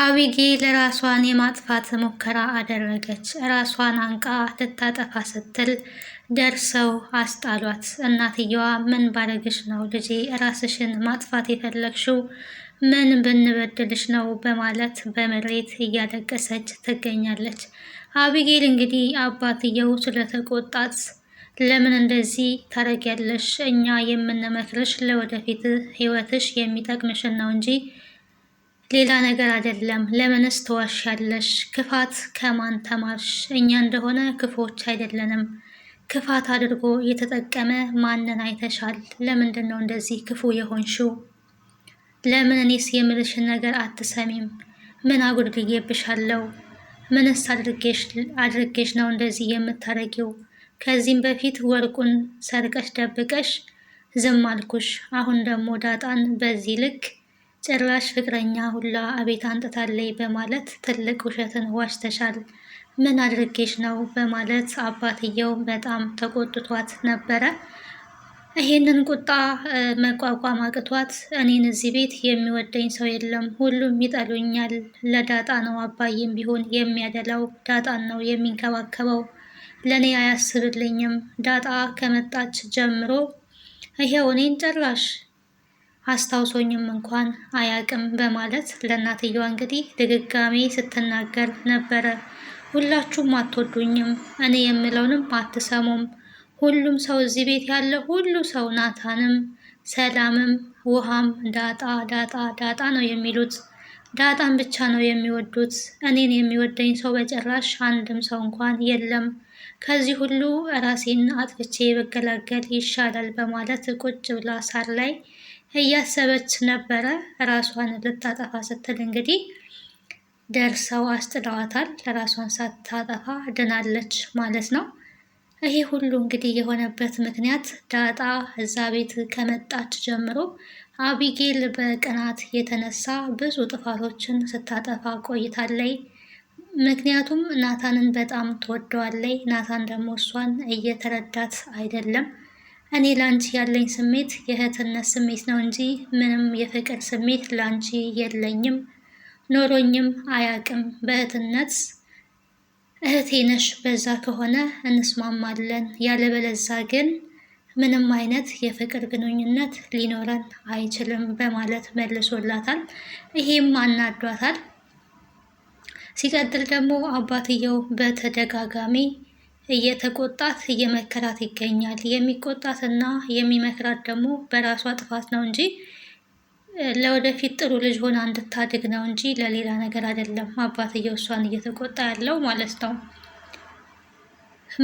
አቢጌል ራሷን የማጥፋት ሙከራ አደረገች። ራሷን አንቃ ልታጠፋ ስትል ደርሰው አስጣሏት። እናትየዋ ምን ባደረግሽ ነው ልጄ ራስሽን ማጥፋት የፈለግሽው? ምን ብንበድልሽ ነው? በማለት በምሬት እያለቀሰች ትገኛለች። አቢጌል እንግዲህ አባትየው ስለተቆጣት ለምን እንደዚህ ታደርጊያለሽ? እኛ የምንመክርሽ ለወደፊት ሕይወትሽ የሚጠቅምሽን ነው እንጂ ሌላ ነገር አይደለም። ለምንስ ትዋሻለሽ? ክፋት ከማን ተማርሽ? እኛ እንደሆነ ክፎች አይደለንም። ክፋት አድርጎ የተጠቀመ ማንን አይተሻል? ለምንድን ነው እንደዚህ ክፉ የሆንሽው? ለምን እኔስ የምልሽን ነገር አትሰሚም? ምን አጉድልዬብሻለሁ? ምንስ አድርጌሽ ነው እንደዚህ የምታረጊው? ከዚህም በፊት ወርቁን ሰርቀሽ ደብቀሽ ዝም አልኩሽ። አሁን ደግሞ ዳጣን በዚህ ልክ ጭራሽ ፍቅረኛ ሁላ አቤት አንጥታለይ በማለት ትልቅ ውሸትን ዋሽተሻል፣ ምን አድርጌሽ ነው በማለት አባትየው በጣም ተቆጥቷት ነበረ። ይሄንን ቁጣ መቋቋም አቅቷት እኔን እዚህ ቤት የሚወደኝ ሰው የለም፣ ሁሉም ይጠሉኛል። ለዳጣ ነው አባዬም ቢሆን የሚያደላው፣ ዳጣን ነው የሚንከባከበው፣ ለእኔ አያስብልኝም። ዳጣ ከመጣች ጀምሮ ይሄው እኔን ጭራሽ አስታውሶኝም እንኳን አያቅም በማለት ለእናትየዋ እንግዲህ ድግጋሜ ስትናገር ነበረ። ሁላችሁም አትወዱኝም፣ እኔ የምለውንም አትሰሙም። ሁሉም ሰው እዚህ ቤት ያለ ሁሉ ሰው ናታንም፣ ሰላምም፣ ውሃም ዳጣ ዳጣ ዳጣ ነው የሚሉት። ዳጣን ብቻ ነው የሚወዱት። እኔን የሚወደኝ ሰው በጭራሽ አንድም ሰው እንኳን የለም። ከዚህ ሁሉ ራሴን አጥፍቼ በገላገል ይሻላል በማለት ቁጭ ብላ ሳር ላይ እያሰበች ነበረ። ራሷን ልታጠፋ ስትል እንግዲህ ደርሰው አስጥለዋታል። ራሷን ሳታጠፋ ድናለች ማለት ነው። ይሄ ሁሉ እንግዲህ የሆነበት ምክንያት ዳጣ እዛ ቤት ከመጣች ጀምሮ አቢጌል በቅናት የተነሳ ብዙ ጥፋቶችን ስታጠፋ ቆይታለይ። ምክንያቱም ናታንን በጣም ትወደዋለይ። ናታን ደግሞ እሷን እየተረዳት አይደለም። እኔ ላንቺ ያለኝ ስሜት የእህትነት ስሜት ነው እንጂ ምንም የፍቅር ስሜት ላንቺ የለኝም፣ ኖሮኝም አያቅም። በእህትነት እህቴ ነሽ። በዛ ከሆነ እንስማማለን። ያለበለዛ ግን ምንም አይነት የፍቅር ግንኙነት ሊኖረን አይችልም በማለት መልሶላታል። ይሄም አናዷታል። ሲቀጥል ደግሞ አባትየው በተደጋጋሚ እየተቆጣት እየመከራት ይገኛል። የሚቆጣት እና የሚመክራት ደግሞ በራሷ ጥፋት ነው እንጂ ለወደፊት ጥሩ ልጅ ሆና እንድታድግ ነው እንጂ ለሌላ ነገር አይደለም። አባትየው እሷን እየተቆጣ ያለው ማለት ነው።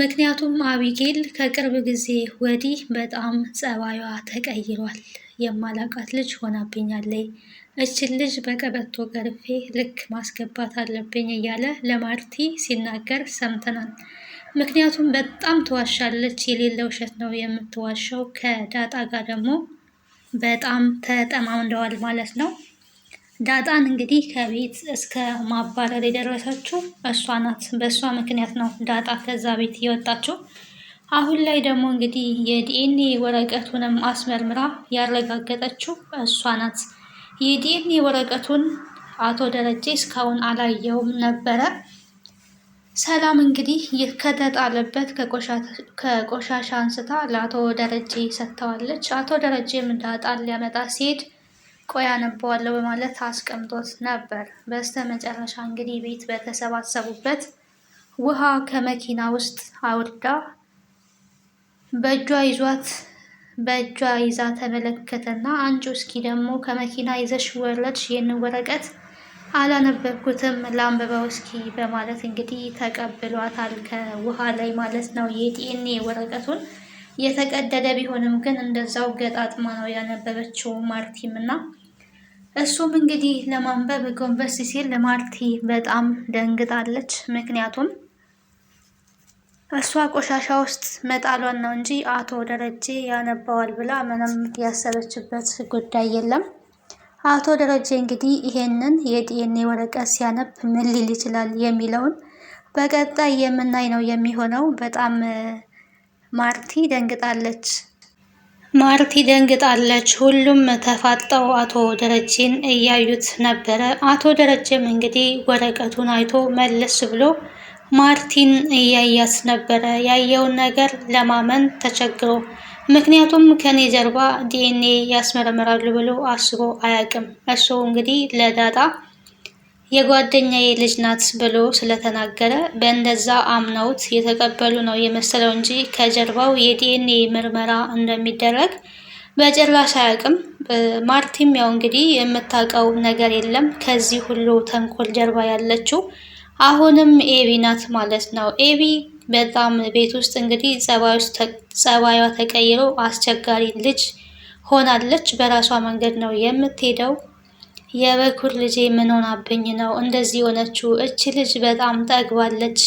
ምክንያቱም አቢጌል ከቅርብ ጊዜ ወዲህ በጣም ጸባዩዋ ተቀይሯል። የማላቃት ልጅ ሆናብኛለይ፣ እችን ልጅ በቀበቶ ገርፌ ልክ ማስገባት አለብኝ እያለ ለማርቲ ሲናገር ሰምተናል። ምክንያቱም በጣም ትዋሻለች። የሌለ ውሸት ነው የምትዋሸው። ከዳጣ ጋር ደግሞ በጣም ተጠማምደዋል ማለት ነው። ዳጣን እንግዲህ ከቤት እስከ ማባረር የደረሰችው እሷ ናት። በእሷ ምክንያት ነው ዳጣ ከዛ ቤት የወጣችው። አሁን ላይ ደግሞ እንግዲህ የዲኤንኤ ወረቀቱንም አስመርምራ ያረጋገጠችው እሷ ናት። የዲኤንኤ ወረቀቱን አቶ ደረጀ እስካሁን አላየውም ነበረ ሰላም እንግዲህ ይህ ከተጣለበት ከቆሻሻ አንስታ ለአቶ ደረጀ ሰጥተዋለች። አቶ ደረጀም እንዳጣን ሊያመጣ ሲሄድ ቆይ አነበዋለሁ በማለት አስቀምጦት ነበር። በስተ መጨረሻ እንግዲህ ቤት በተሰባሰቡበት ውሃ ከመኪና ውስጥ አውርዳ በእጇ ይዟት በእጇ ይዛ ተመለከተና አንቺ እስኪ ደግሞ ከመኪና ይዘሽ ወረድሽ፣ ይህንን ወረቀት አላነበብኩትም ላንብበው እስኪ በማለት እንግዲህ ተቀብሏታል፣ ከውሃ ላይ ማለት ነው የዲኤንኤ ወረቀቱን የተቀደደ ቢሆንም ግን እንደዛው ገጣጥማ ነው ያነበበችው ማርቲም እና እሱም እንግዲህ ለማንበብ ጎንበስ ሲል ማርቲ በጣም ደንግጣለች። ምክንያቱም እሷ ቆሻሻ ውስጥ መጣሏን ነው እንጂ አቶ ደረጀ ያነባዋል ብላ ምንም ያሰበችበት ጉዳይ የለም። አቶ ደረጀ እንግዲህ ይሄንን የዲኤንኤ ወረቀት ሲያነብ ምን ሊል ይችላል የሚለውን በቀጣይ የምናይ ነው የሚሆነው። በጣም ማርቲ ደንግጣለች። ማርቲ ደንግጣለች። ሁሉም ተፋጠው አቶ ደረጀን እያዩት ነበረ። አቶ ደረጀም እንግዲህ ወረቀቱን አይቶ መለስ ብሎ ማርቲን እያያት ነበረ። ያየውን ነገር ለማመን ተቸግሮ ምክንያቱም ከኔ ጀርባ ዲኤንኤ ያስመረምራሉ ብሎ አስቦ አያውቅም። እሱ እንግዲህ ለዳጣ የጓደኛዬ ልጅ ናት ብሎ ስለተናገረ በእንደዛ አምነውት የተቀበሉ ነው የመሰለው እንጂ ከጀርባው የዲኤንኤ ምርመራ እንደሚደረግ በጭራሽ አያውቅም። ማርቲም ያው እንግዲህ የምታውቀው ነገር የለም ከዚህ ሁሉ ተንኮል ጀርባ ያለችው አሁንም ኤቢ ናት ማለት ነው። ኤቢ በጣም ቤት ውስጥ እንግዲህ ጸባዩዋ ተቀይሮ አስቸጋሪ ልጅ ሆናለች። በራሷ መንገድ ነው የምትሄደው። የበኩር ልጄ ምን ሆናብኝ ነው እንደዚህ የሆነችው? እች ልጅ በጣም ጠግባለች።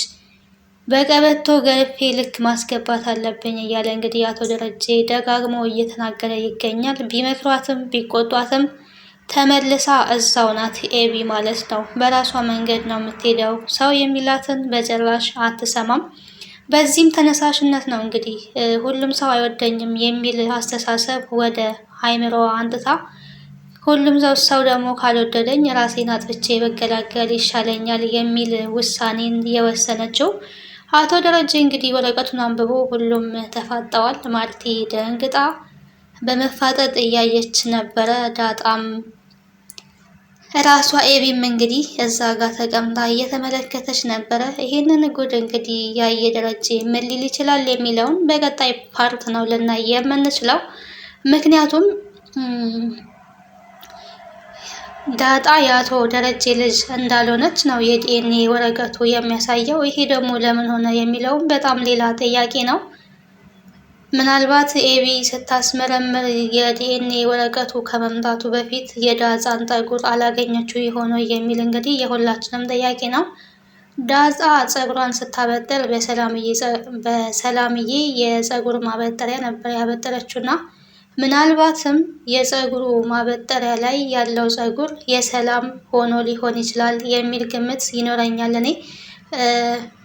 በቀበቶ ገርፌ ልክ ማስገባት አለብኝ እያለ እንግዲህ አቶ ደረጀ ደጋግሞ እየተናገረ ይገኛል። ቢመክሯትም ቢቆጧትም ተመልሳ እዛው ናት። ኤቢ ማለት ነው። በራሷ መንገድ ነው የምትሄደው። ሰው የሚላትን በጭራሽ አትሰማም። በዚህም ተነሳሽነት ነው እንግዲህ ሁሉም ሰው አይወደኝም የሚል አስተሳሰብ ወደ አይምሮ አንጥታ ሁሉም ሰው ደግሞ ካልወደደኝ ራሴን አጥፍቼ በገላገል ይሻለኛል የሚል ውሳኔን የወሰነችው። አቶ ደረጀ እንግዲህ ወረቀቱን አንብቦ ሁሉም ተፋጠዋል። ማርቲ ደንግጣ በመፋጠጥ እያየች ነበረ። ዳጣም ራሷ ኤቢም እንግዲህ እዛ ጋር ተቀምጣ እየተመለከተች ነበረ። ይህንን ጉድ እንግዲህ ያየ ደረጀ ምን ሊል ይችላል የሚለውን በቀጣይ ፓርት ነው ልናይ የምንችለው። ምክንያቱም ዳጣ የአቶ ደረጀ ልጅ እንዳልሆነች ነው የዲኤንኤ ወረቀቱ የሚያሳየው። ይሄ ደግሞ ለምን ሆነ የሚለውም በጣም ሌላ ጥያቄ ነው። ምናልባት ኤቢ ስታስመረምር የዲኤንኤ ወረቀቱ ከመምጣቱ በፊት የዳፃን ፀጉር አላገኘችው የሆነው የሚል እንግዲህ የሁላችንም ጥያቄ ነው። ዳጻ ፀጉሯን ስታበጥር በሰላምዬ የፀጉር ማበጠሪያ ነበር ያበጠረችው እና ምናልባትም የፀጉሩ ማበጠሪያ ላይ ያለው ፀጉር የሰላም ሆኖ ሊሆን ይችላል የሚል ግምት ይኖረኛል እኔ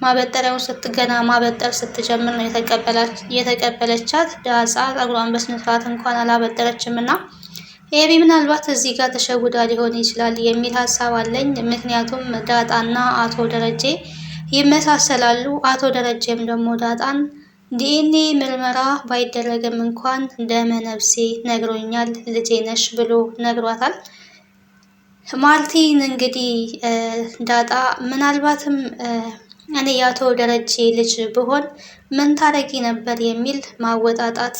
ማበጠሪያውን ስትገና ማበጠር ስትጀምር ነው የተቀበለቻት። ዳጻ ጸጉሯን ስርዓት እንኳን አላበጠረችም እና ኤቢ ምናልባት እዚህ ጋር ተሸውዳ ሊሆን ይችላል የሚል ሀሳብ አለኝ። ምክንያቱም ዳጣና አቶ ደረጀ ይመሳሰላሉ። አቶ ደረጀም ደግሞ ዳጣን ዲኤንኤ ምርመራ ባይደረግም እንኳን ነፍሴ ነግሮኛል፣ ልጄ ነሽ ብሎ ነግሯታል። ማርቲን እንግዲህ ዳጣ ምናልባትም እኔ የአቶ ደረጀ ልጅ ብሆን ምን ታረጊ ነበር የሚል ማወጣጣት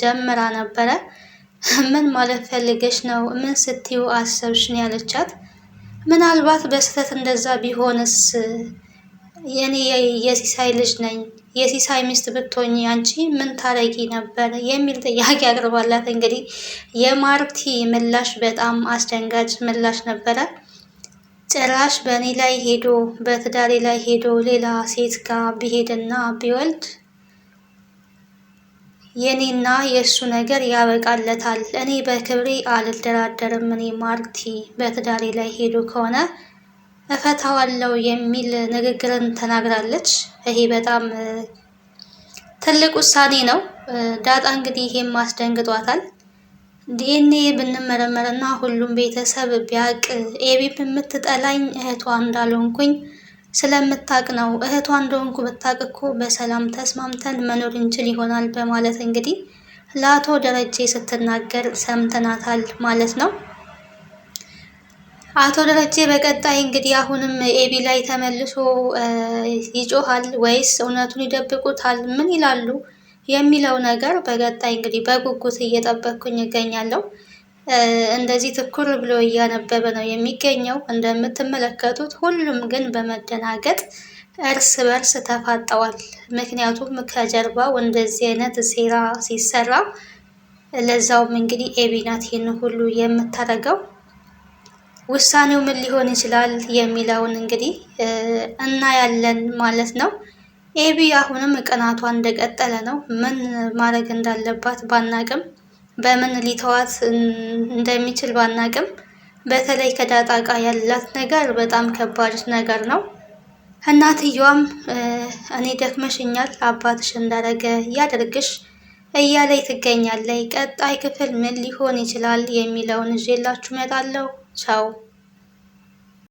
ጀምራ ነበረ። ምን ማለት ፈልገሽ ነው? ምን ስትዩ አሰብሽ ነው ያለቻት። ምናልባት በስህተት እንደዛ ቢሆንስ? የኔ የሲሳይ ልጅ ነኝ የሲሳይ ሚስት ብትሆኝ አንቺ ምን ታረጊ ነበር የሚል ጥያቄ አቅርባላት። እንግዲህ የማርቲ ምላሽ በጣም አስደንጋጭ ምላሽ ነበረ። ጭራሽ በእኔ ላይ ሄዶ በትዳሬ ላይ ሄዶ ሌላ ሴት ጋር ቢሄድና ቢወልድ የኔና የእሱ ነገር ያበቃለታል። እኔ በክብሬ አልደራደርም። እኔ ማርቲ በትዳሬ ላይ ሄዶ ከሆነ እፈታዋለሁ የሚል ንግግርን ተናግራለች። ይሄ በጣም ትልቅ ውሳኔ ነው። ዳጣ እንግዲህ ይሄም አስደንግጧታል። ዲኤንኤ ብንመረመርና ሁሉም ቤተሰብ ቢያቅ ኤቢብ የምትጠላኝ እህቷ እንዳልሆንኩኝ ስለምታቅ ነው። እህቷ እንደሆንኩ ብታቅ እኮ በሰላም ተስማምተን መኖር እንችል ይሆናል በማለት እንግዲህ ለአቶ ደረጀ ስትናገር ሰምተናታል ማለት ነው። አቶ ደረጀ በቀጣይ እንግዲህ አሁንም ኤቢ ላይ ተመልሶ ይጮሃል ወይስ እውነቱን ይደብቁታል? ምን ይላሉ የሚለው ነገር በቀጣይ እንግዲህ በጉጉት እየጠበቅኩኝ እገኛለሁ። እንደዚህ ትኩር ብሎ እያነበበ ነው የሚገኘው። እንደምትመለከቱት ሁሉም ግን በመደናገጥ እርስ በርስ ተፋጠዋል። ምክንያቱም ከጀርባው እንደዚህ አይነት ሴራ ሲሰራ ለዛውም እንግዲህ ኤቢ ናት ይህን ሁሉ የምታደርገው። ውሳኔው ምን ሊሆን ይችላል የሚለውን እንግዲህ እናያለን ማለት ነው። ኤቢ አሁንም ቅናቷ እንደቀጠለ ነው። ምን ማድረግ እንዳለባት ባናቅም፣ በምን ሊተዋት እንደሚችል ባናቅም፣ በተለይ ከዳጣ ጋር ያላት ነገር በጣም ከባድ ነገር ነው። እናትየዋም እኔ ደክመሽኛል፣ አባትሽ እንዳረገ ያደርግሽ እያለች ትገኛለይ። ቀጣይ ክፍል ምን ሊሆን ይችላል የሚለውን ይዤላችሁ እመጣለሁ። 抽。